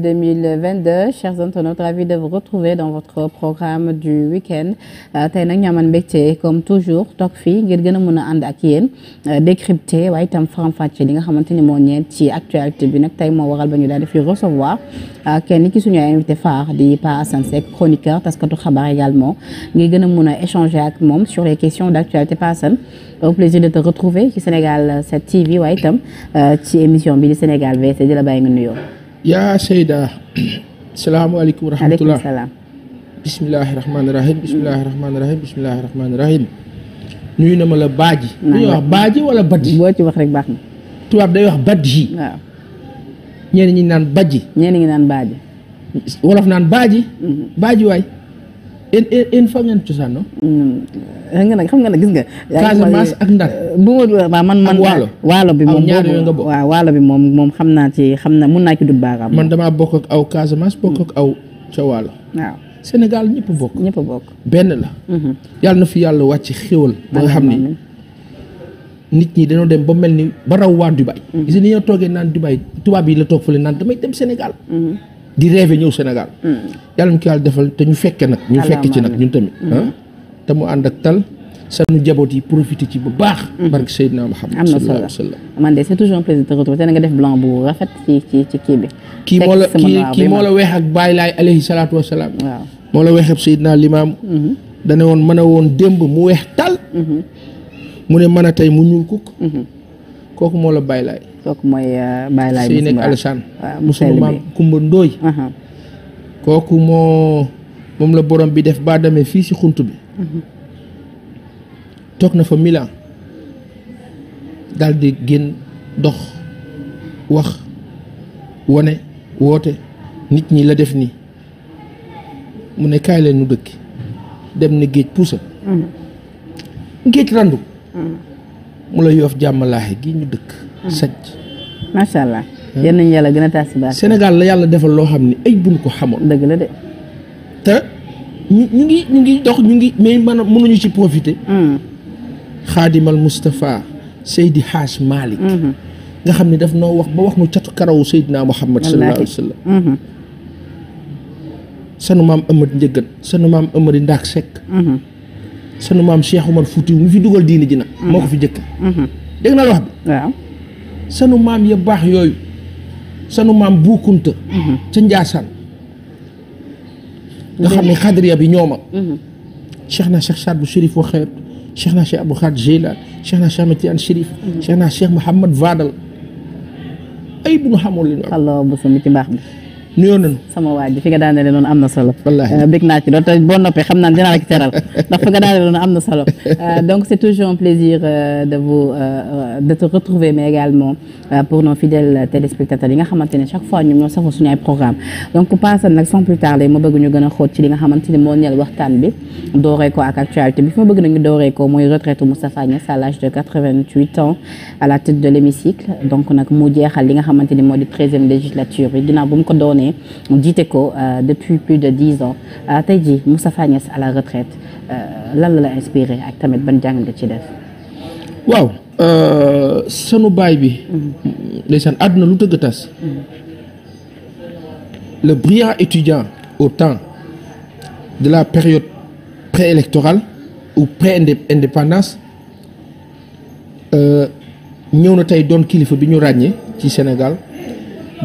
2022 chers internautes ravi de vous retrouver dans votre programme du week-end euh, tey nag ñu amal mbégte comme toujours toog fii ngir gën a mën a ànd ak yéen euh, décrypter waaye itam faram-fàcce li nga xamante ni moo ñeent ci actualité bi nag tey moo waral ba ñu daal di fi recevoir euh, kenn ki suñu invité phare di Pa Assane Seck chroniqueur taskatu xabaar également ngir gën a mën a échanger ak moom sur les questions d'actualité Pa Assane au plaisir de te retrouver ci Sénégal 7 TV itam ci émission bi di Sénégal VT la bàyyi nga nuyoo yaa Seyda. salaamualeykum wa rahmatulah aleykum salaam. bisimilahi rahmaani rahiim. bisimilahi rahmaani rahiim bisimilahi rahmaani rahiim. nuyu na ma la baaji. maa ngi wax baaji wala badji. boo ci wax rek baax na. tubaab day wax badji. waaw. ñenn ñi naan badji. ñenn ñi naan baaji. wolof naan baaji. Mm-hmm. baaji waay. yéen fan ngeen cosaanoo. Hmm, xam nga nag xam nga nag gis nga. Casamance ak Ndar. Euh, bu ma waaw man man. waalo bi moom boobu bi moom moom xam naa ci xam na mun naa ci dut baaraam. man dama bokk ak aw Casamance bokk ak aw ca waalo. waaw Sénégal ñëpp bokk. ñëpp bokk benn la. Mhm. yàlla na fi yàlla wàcc xéwal. ba xam ni nit ñi dañoo dem ba mel ni ba raw waa Dubaï. Mhm. gis nga ni ñoo toogee naan Dubaï tubaab yi la toog fële naan damay dem Sénégal. Mhm. di rêvé ñëw senegal hmm. yàlla ñu ko defal te ñu fekkee nag. ñu fekke ci nag ñun tamit. Hmm. Ah. te mu ànd ak tal. sanu jaboot yi profité ci bu baax. Hmm. barke Seydina Muhammad. am na solo man de c'est toujours un nga def blanc bu rafet ci ci ci kii bi. moo la weex ak Baay Laay alayhi salaatu wa salaam. moo la weex ak Seydina Limaam. dana woon mën a woon démb mu weex tal. mu ne mën a tey mu ñuul kukk. kooku moo la Baay kooku mooy euh, Baye Laye Seyni ak Alassane Kumba Ndooy uh-huh. kooku moo moom la borom bi def baa demee fii si xunt bi uh-huh. toog na fa Milan daal di génn dox wax wane woote nit ñi la def nii mu ne kaay leen nu dëkk dem na géej puusa uh-huh. géej randu mu la yoof jàmmalaaxe gi ñu dëkk sàcc. macha allah. yéen nañu yàlla gën la yàlla defal loo xam ne ay buñ ko xamoon. dëgg la de. te ñu ñu ngi ñu ngi dox ñu ngi mais man mënuñu ci profiter. Hmm. xaadimal Moustapha Seydi Haaj Malick. Hmm. nga xam ni daf noo wax ba wax nu catu karawu Seydina Muhammad sallallahu alayhi wa sallam. Hmm. sanu maam Amady Njëgët sanu maam Amady Ndaak Seck. sanu maam Cheikh Umar Fouti mu fi dugal diini ji nag. moo ko fi jëkk dégg naa la wax sanu maam ya baax yooyu sanu maam buukunta mhm. ca njaasaan nga xam ne xadriya bi ñooma mhm. cheikh naa cheikh Saad bu Chérif waxeet cheikh naa cheikh Abou Khad Jeylaan cheikh naa cheikh Matian Chérif mhm. cheikh naa cheikh Mouhamad Vadal ay bu ñu xamoon li ñu am. Allah bu nuyoo nañu sama waay ji fi nga daanele noonu am na solo euh, bég nga daanele am na solo euh, donc c'est toujours un euh, chaque fois ñoom ñoo safo suñu ay programme donc pasan nag sans plus tarder ma bëgg ñu gën a xóot ci li nga xamante ne moo ñeel waxtaan bi dooree ko ak actualité bi fi ma bëgg nañu dooree ko mooy retraite Moustapha Niasse à l'âge de 88 ans à la tête de l'hémicycle donc nag mu jeexal li nga xamante moo di 13 législature bi ginnaaw bu mu ko doonee ne jiite ko depuis plus de dix ans euh, tey ji Moustapha Niasse à la retraite euh, lan la la inspiré ak tamit ban jàng nga ci def. waaw euh, sunu baay bi. Mm-hmm. ndeysaan àdduna lu tëgg tas. Mm-hmm. le brillant étudiant au temps de la période préélectorale ou pré-indépendance ñëw na tey doon kilifa bi ñu ràññee ci Sénégal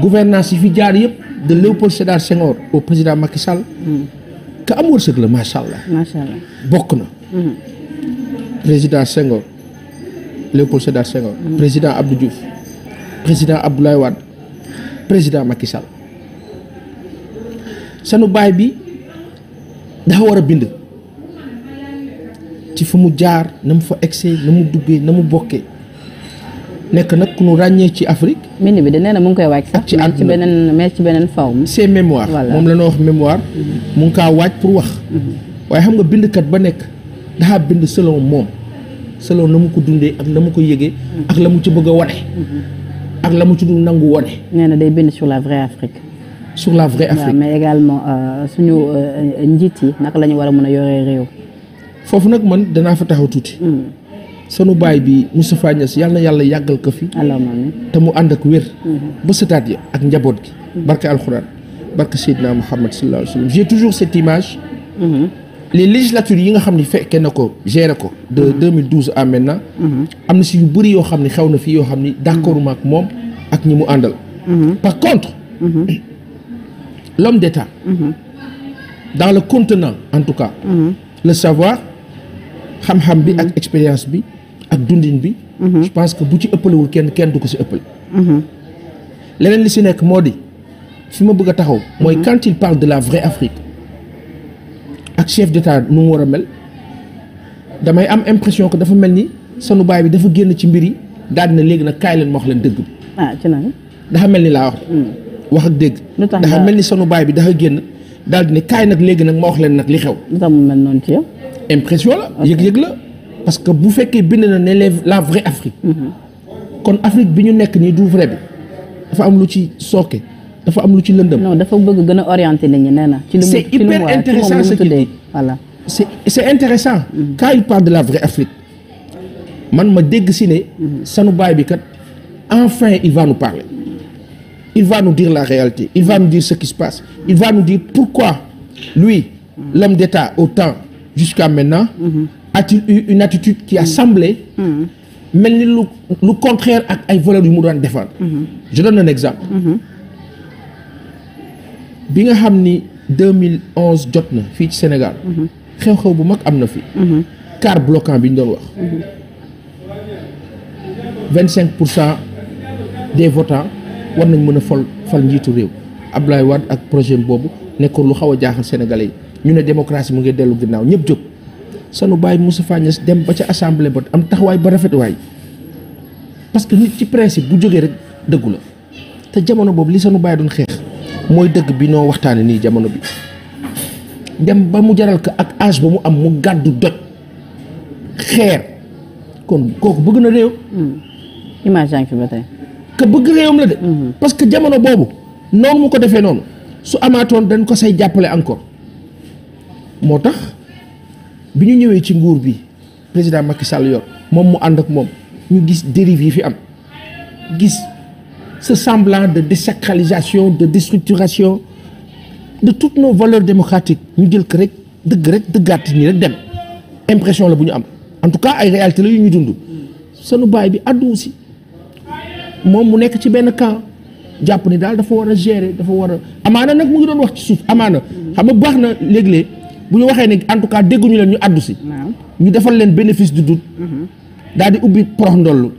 gouvernance yi fi jaar yëpp de Léopold Sédar Senghor au président Macky Sall. Mm. ka am wërsëg la macha allah. macha bokk na. Mm-hmm. président Senghor Léopold Sédar Senghor. Mm-hmm. président Abdou Diouf. président Abdoulaye Wade président Macky sanu baay bi dafa war a bind. ci fu mu jaar na mu fa egsee na mu duggee na mu bokkee. nekk nag ku ñu ràññee ci Afrique. mbind bi de nee na mu ngi koy waaj sax. ci àdduna mais ci beneen mais ci beneen forme. c'est mémoire moom la ñuy wax mémoire. Mm-hmm. mu ngi kaa waaj pour wax. Mm-hmm. waaye xam nga bindkat ba nekk dafa bind selon moom selon na mu ko dundee ak la mu ko yëgee. Mm-hmm. ak la mu ci bëgg a wane. la mu ci dul nangu wane. nee na day bind sur la vraie Afrique. sur la vraie Afrique mais également euh, suñu euh, njiit yi naka lañu war a mun a yoree réew. foofu nag man danaa fa taxaw tuuti. Mm. sunu baay bi Moustapha Niass yàlla yàlla yàggal ko fi te mu ànd ak wér mhm. ba sëtaat yi ak njaboot gi mhm. barke alxuraan barke Seydina Muhammad sallallahu alayhi wa sallam j'ai toujours cette image mhm. les législature yi nga xam ne fekkee na ko géré ko de 2012 à maintenant am na si yu bëri yoo xam ne xew na fii yoo xam ni d'accord ma ak moom ak ñi mu àndal par contre l'homme d'État dans le contenant en tout cas le savoir xam-xam bi ak expérience bi ak dundin bi. Mhm. je parce que bu ci ëppalewul kenn kenn du ko si ëppale. Mhm. leneen li si nekk moo di fi ma bëgg a taxaw. mooy mhm. quand il de la vraie Afrique ak chef d'État nu mu war a mel damay am impression que dafa mel ni sanu baay bi dafa génn ci mbir yi daal na léegi nag kaay leen ma wax leen dëgg bi. ah mel ni laa wax. Hmm. wax ak dëgg. mel ni sanu baay bi daxa génn daal di ne kaay nag léegi nag ma wax leen nag li xew. lu tax impression la yëg-yëg la. parce que bu fekkee bind na ne la vraie Afrique. kon Afrique bi ñu nekk nii du vrai bi dafa am lu ci sooke dafa am lu ci lëndëm. non dafa bëgg gën a orienté nit ñi nee na. ci lu mu ci lu mu c'est hyper intéressant ce c'est intéressant. Mm-hmm. quand il parle de la vraie Afrique man ma dégg si ne. Mm-hmm. sanu baay bi kat enfin il va nous parler. il va nous dire la réalité il va nous dire ce qui se passe il va nous dire pourquoi lui mm-hmm. l'homme d'État au temps maintenant. mm atti une attitude qui a mm. Mm. mel ni lu lu contraire ak ay valeurs yu mu doon défendre mm-hmm. je na un exemple mm-hmm. Mm-hmm. bi nga xam ni 2011 jot na fii ci Sénégal xew-xew bu mag am na fi car bloquant bi ñu doon wax vingt cinq pour cent des votants war nañ mën a fal fal njiitu réew Abdoulaye Wade ak projet boobu nekkoon lu xaw a jaaxal sénégalais yi ñu ne démocratie mu ngi dellu ginnaaw ñëpp jóg sanu bàyyi Moustapha Niasse dem ba ca assemblée ba am taxawaay ba rafetuwaay parce que nit ci principe bu jógee rek dëggu la te jamono boobu li sanu baay doon xeex mooy dëgg bi noo waxtaane nii jamono bi dem ba mu jaral ko ak âge ba mu am mu gàddu doj xeer kon kooku bëgg na réew hmm. image yaa ngi bëgg réewam la de hmm. parce que jamono boobu noonu mu ko defee noonu su amaatoon dañ ko say jàppale encore moo tax bi ñu ñëwee ci nguur bi président Macky Sall yoon moom mu ànd ak moom ñu gis dérive yi fi am gis ce semblant de désacralisation de déstructuration de toutes nos valeurs démocratiques ñu jël ko rek dëgg rek dëggaat nii rek dem impression la bu ñu am en tout cas ay réalité la yu ñu dund sunu baay bi àddu si moom mu nekk ci benn camp jàpp ni daal dafa war a gérer dafa war a amaana nag mu ngi doon wax ci suuf amaana xam nga baax na léeg-léeg bu ñu waxee ne en tout cas dégguñu leen ñu addu si ñu defal leen bénéfice du doute mm-hmm. daal di ubbi prox ndoll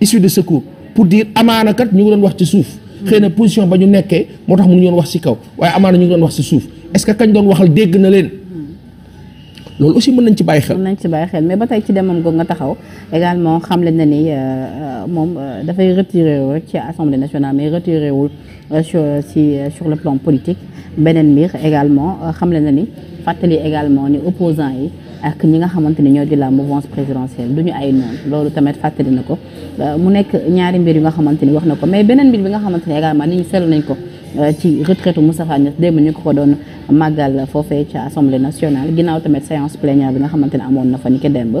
issue de secours pour dire amaana kat ñu ngi doon wax ci suuf mm-hmm. xëy na position ba ñu nekkee moo tax mënuñu doon wax ci kaw waaye amaana ñu ngi doon wax ci suuf est-ce que kañ doon waxal dégg na leen mm-hmm. loolu aussi mën nañ ci bàyyi xel nañ ci bàyyi xel mais ba tey ci demam googu nga taxaw également xam leen na ni euh, euh, moom euh, dafay retiré wu rek ci assemblée nationale mais retiré wul Euh, sur euh, si euh, le plan politique beneen mbir également xamle na ni fàttali également ni opposant yi ak ñi nga xamante ni ñoo di la mouvance présidentielle du ñu ay noonu loolu tamit fàttali na ko mu nekk ñaari mbir yu nga xamante ni wax na ko mais beneen mbir bi nga xamante ni également nit ñi seetlu nañ ko ci retraite Moustapha Niasse démb ñu ko ko doon màggal foofee ca assemblée nationale ginaaw tamit séance plénière bi nga xamante ne amoon na fa ni ki démb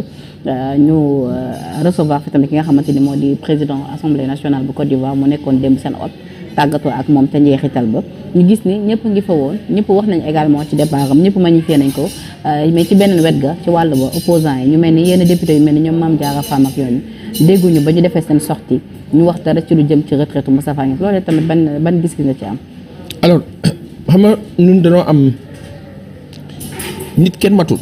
ñu recevoir fi tamit ki nga xamante ni moo di président assemblée nationale bu Côte d'Ivoire mu nekkoon démb seen hôte tàggatoo ak moom te njeexital ba ñu gis ni ñëpp ngi fa woon ñëpp wax nañ également ci départ am ñëpp magnifié nañ ko euh, mais ci beneen wet ga ci wàll ba opposant yi ñu mel ni yenn député yu mel ni ñoom Mame Diarra Fam ak yooyu dégguñu ba ñu defee seen sortie ñu wax dara ci lu jëm ci retraite Moustapha Niasse loolee tamit ban ban gis nga ci am alors xam nu ñun dañoo am nit kenn matul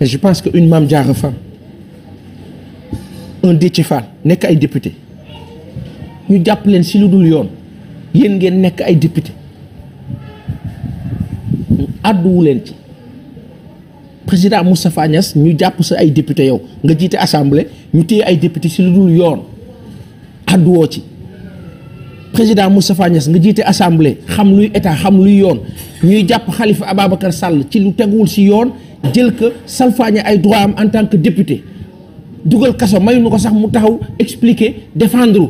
je pense que une Mame Diarra Fam un ci Fall nekk ay député ñu jàpp leen si lu dul yoon yéen ngeen nekk ay député àdduwu leen ci président Moustapha Niass ñu jàpp sa ay député yow nga jiite assemblée ñu téye ay député si lu dul yoon àdduwoo ci président Moustapha Niass nga jiite assemblée xam luy état xam luy yoon ñuy jàpp xalifa Ababacar Sall ci lu teguwul si yoon jël ko salfaañe ay droit am en tant que député dugal kaso may nu ko sax mu taxaw expliquer défendre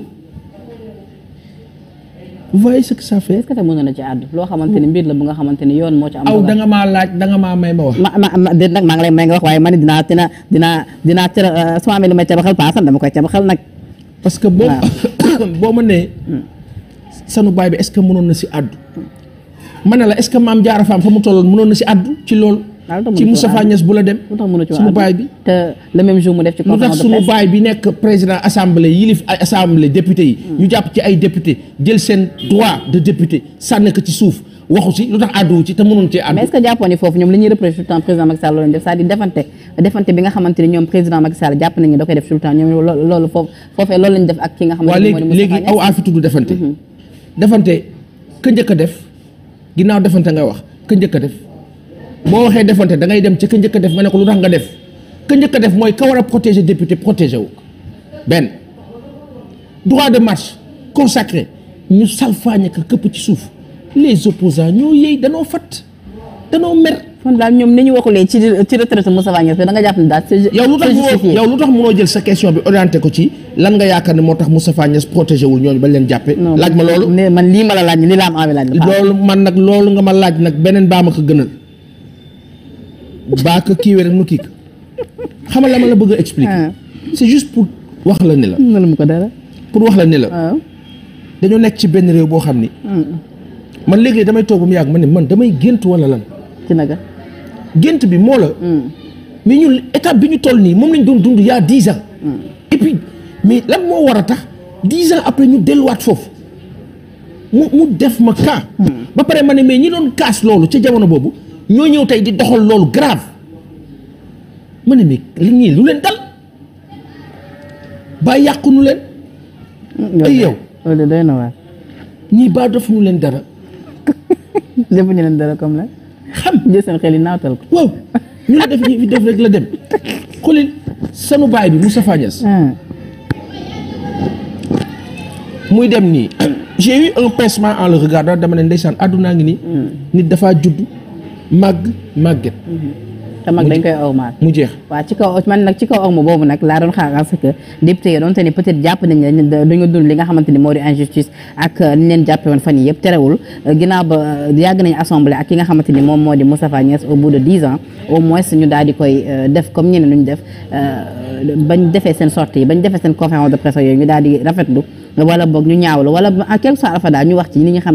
vous que ça fait. est ce que mën na ci àddu loo xamante ni mbir la bu nga xamante ni yoon moo ci am. aw da nga maa laaj da nga maa may ma wax. ma ma déet nag dinaa dina dinaa dinaa euh, ma amee lu may cabaxal paasan dama koy cabaxal parce que boo boo ma nee. Hmm. baay bi est ce que mënoon na si àddu. ma ne la est ce que maam jaara faam fa mu tolloon mënoon na si àddu ci loolu. ci Moustapha Niass bu la dem. suñu baay bi te le même jour mu def ci conférence de bi nekk président assemblée yilif ay assemblée député yi. Hmm. ñu jàpp ci ay député jël seen droit de député sànni ko ci suuf. waxu ci lu tax àdduwu ci te mënoon ci àddu. mais est-ce que jàppoon ni foofu ñoom li ñuy reproché tout le temps président Macky Sall loolu def c'est-à-dire defante defante bi nga xamante ni ñoom président Macky jàpp nañu da koy def tout ñoom loolu foofu loolu lañ def ak ki nga. xamante ni moom léegi aw a fi tudd defante. Mm-hmm. defante njëkk a def ginnaaw defante ngay wax ka njëkk def boo waxee defante dangay dem ci ka njëkk def nga ne ko lu tax nga def ka njëkk def mooy ka war a protéger député protéger wu benn droit de marche consacré ñu salfaañe ko këpp ci suuf les opposants ñoo yëy danoo fat danoo mer. kon daal ñoom ni yow lu tax yow jël sa question bi orienté ko ci lan nga yaakaar ne moo tax Moustapha Niass protégé wu ñooñu ba leen jàppee. laaj ma loolu man lii ma la laaj li la am laaj. loolu man nag loolu nga ma laaj nag beneen baa ma ko gënal. baa ko kiiwee rek mu kii ko xamal la ma la bëgg a expliquer. Ah. c'est juste pour wax la ne la. mënul ko dara. pour wax la ne la. dañoo nekk ci benn réew boo xam ni. Mm. man léegi damay toog mu yàgg ma ne man damay gént wala lan. ci naga. gént bi moo la. Mm. mais ñun état bi ñu toll nii moom lañ doon dund yaa dix ans. Mm. et puis mais lan moo war a tax dix ans après ñu delluwaat foofu mu mu def ma cas. ba pare ma ne mais ñi doon kaas loolu ci jamono boobu. ñoo ñëw tey di doxal loolu grave ma ne mais li ñuy lu leen dal ba yàqu leen. ay yow loolu doy na waar. ba def leen dara. defuñu leen dara comme la. xam jël seen xel yi naatal ko. waaw ñu la def ñu fi def rek la dem xoolil sanu baay bi mu Moustapha Niasse. Ah. muy dem nii. j'ai eu un pincement en le regardant dama ne ndeysaan àdduna ngi nii. Hmm. nit dafaa judd. mag màgget. te mag dañ koy ormaal mu jeex waaw ci kaw man nag ci kaw orma boobu nag laa doon xaar parce que député yi doonte ni peut être jàpp nañ ne dañu dund li nga xamante ni moo di injustice ak ni leen jàppe woon fan yi yëpp terewul ginnaaw ba euh, yàgg nañ assemblée ak ki nga xamante ni moom moo di Moustapha Niass au bout de dix ans au moins ñu daal di koy euh, def comme ñeneen lu ñu def euh, bañ defee seen sortie bañ defee seen conférence de presse yooyu ñu daal di rafetlu wala boog ñu ñaawlu wala en quelque sorte alpha nañ ko ni quand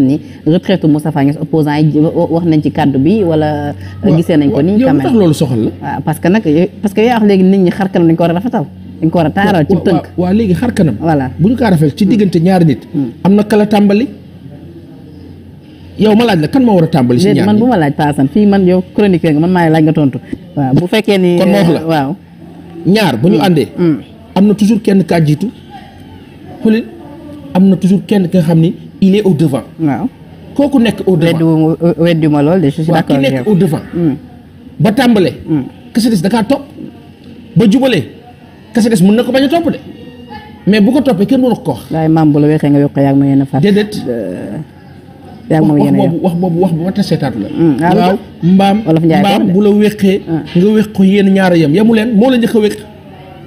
même loolu la waaw parce que nag parce que yaa wax léegi a rafetal dañ ko war a taaral ci tënk waaw bu ñu ko rafet hmm. am na kala tàmbali yow ma laaj kan moo war a tàmbali si ñaar man bu ma fii man yow chronique nga man maa laaj nga tontu waaw bu fekkee ni kon ma wax la waaw ñaar bu ñu hmm. àndee hmm. am na toujours kenn kaa jiitu am na toujours kenn ki xam ni il est au devant. waaw kooku nekk au ma lool de je au hmm. ba tàmbalee. Hmm. kese des da kaa topp ba jubalee kese des mën na ko bañ a topp de mais bu ko toppee kenn mënu ko wax. waaye maam bu la weexee nga yokk yaa ngi ma yéen a far. déedéet. Euh, yaa ma yéen a wax boobu wax bu mat a hmm, ah, mbaam mbaam bu la weexee. nga ko yéen ñaara yem yemu leen moo la njëkk a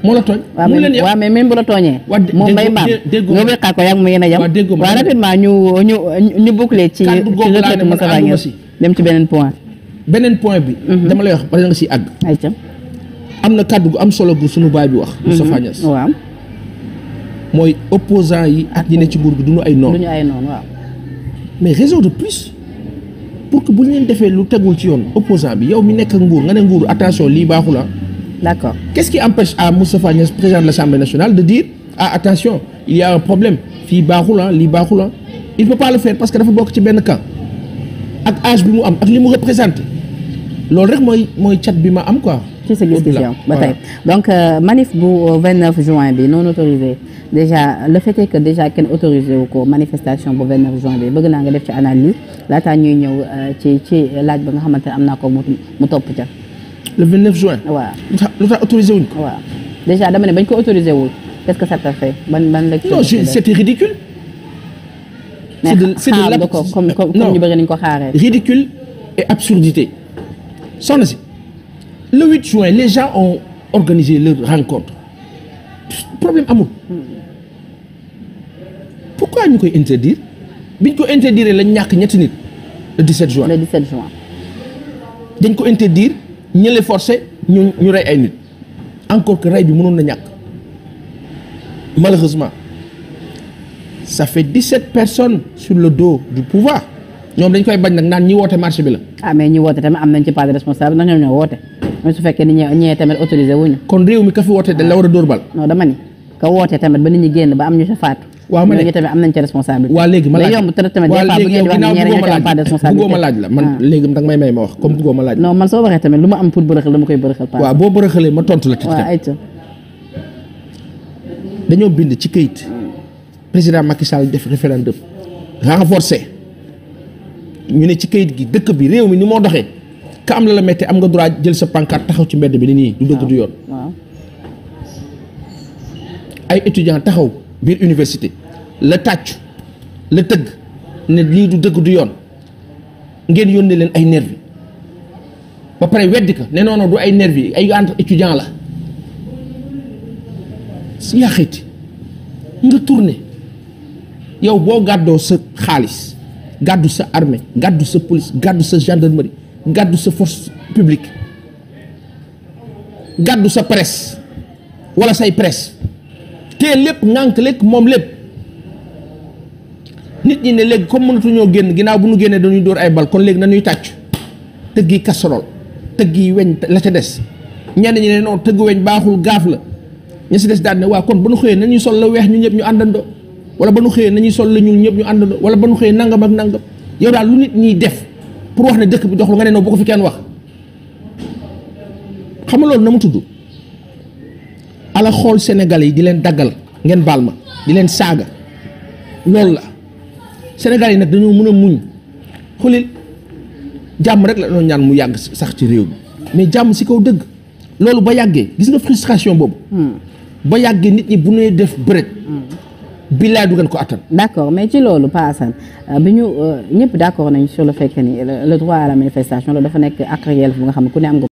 moo la tooñ. mu leen waaw mais même bu la tooñee. waa dé moom bay maam nga wéqaat ko yàgg mu yéen a yem. waaw rapidement ñu ñu ñu boucler ci. kàddu googu laa ne dem ci beneen point. beneen point bi. Mhm. dama lay wax ba nga si àgg. ayca am na kàddu gu am solo gu suñu baay bi wax. Mhm. Moustapha Niass mooy opposant yi ak ñi ne ci nguur du duñu ay noon duñu ay noon mais raison de plus pour que bu leen defee lu tegul ci yoon opposant bi yow mi nekk nguur nga ne nguur attention lii baaxu ah. D'accord. Qu'est-ce qui empêche à Moustapha Niasse, président de l'Assemblée nationale, de dire ah attention il y un problème fii baaxula ah lii baaxul ah il peut pas le faire parce que dafa bokk ci benn camp ak âge bi mu am ak li mu représenté loolu rek mooy mooy cat bi ma am quoi. ci sa gis ba tey donc euh, manif bu 29 juin bi non autorisé déjà le fait est que déjà kenn autorisé wu ko manifestation bu 29 juin bi bëgg naa nga def ci analyse laataa ñuy ñëw euh, ci ci laaj ba nga xamante ne am naa ko mu mu topp ca. le 29 juin. waaw lu tax lu tax autorisé ko. waaw déjà dama ne bañ ko autorisé wul qu'est-ce que ça t'a fait ban ban lecture. non c'était ridicule. c'est de c'est de la ko comme comme ñu bëri nañu ko xaaree. ridicule et absurdité soxna si le 8 juin les gens ont organisé leur rencontre problème amul. pourquoi ñu koy interdire biñ ko interdire lañ ñàkk ñetti nit le 17 juin. le 17 juin. dañ ko interdire. ñële forcé ñu ñu rey ay nit encore que rey bi mënoon na ñàkk malheureusement ça fait 17 personnes sur le dos du pouvoir ñoom dañ koy bañ nag naan ñi woote marché bi la. ah mais ñi woote tamit am nañ ci part de responsable ndax ñoom ñoo woote mais su fekkee ni ñee tamit autorisé wuñu kon réew mi ka fi woote dañ la war a dóor bal. non dama ka woote tamit ba nit ñi génn ba am ñu sa faatu. waaw ma ne ñooñu tamit am nañ ci responsabilité. waaw léegi ma laaj la bëggoo ma laaj la man ah. léegi danga may may ma wax comme bëggoo ma laaj la. non man soo waxee tamit lu ma am pour bërëxal dama koy bërëxal. waaw boo bërëxalee ma tontu la. waaw ayca dañoo bind ci këyit président Macky Sall def référendum renforcé ñu ne ci këyit gi dëkk bi réew mi ni moo doxee ka am la la metti am nga droit jël sa pànkaat taxaw ci mbedd bi ni nii. du dëgg du yoon ay étudiant taxaw biir université la tàccu la tëgg ne lii du dëgg du yoon ngeen yónnee leen ay nervi ba pare weddi ko ne noonu du ay nervi ay entre étudiant la si yaa xëyti nga tourné yow boo gàddoo sa xaalis gàddu sa armée gàddu sa police gàddu sa gendarmerie gàddu sa force publique gàddu sa presse wala say presse te lépp ngànk lekk moom lépp nit ñi ne léegi comme mënatuñoo génn ginnaaw bu ñu génnee dañuy dóor ay bal kon léegi nañuy tàcc tëgg yi casserole tëgg yi weñ la ca des ñenn ñi ne non tëgg weñ baaxul gaaf la ñu si des daan ne waa kon ba nu xëyee nañuy sol la weex ñu ñëpp ñu àndandoo wala ba nu xëyee nañuy sol la ñuul ñëpp ñu àndandoo wala ba nu xëyee nangam ak nangam yow daal lu nit ñiy def pour wax ne dëkk bi dox doxul nga nee non bu ko fi kenn wax xam nga loolu na mu tudd. ala xool Sénégalais yi di leen daggal ngeen baal ma di leen saaga loolu la Sénégalais yi nag dañoo mën a muñ xulil jàmm rek la doon ñaan mu yàgg sax ci réew bi mais jàmm si kaw dëgg loolu ba yàggee gis nga frustration boobu. Hmm. ba yàggee nit ñi bu ñuy def bëreet. Hmm. billaay du ngeen ko attan. d' mais ci loolu Pa Assane euh, bi ñu euh, ñëpp d' accord nañ sur le fait que le droit à la manifestation loolu dafa nekk ak réel bu nga xam ne ku ne am nga.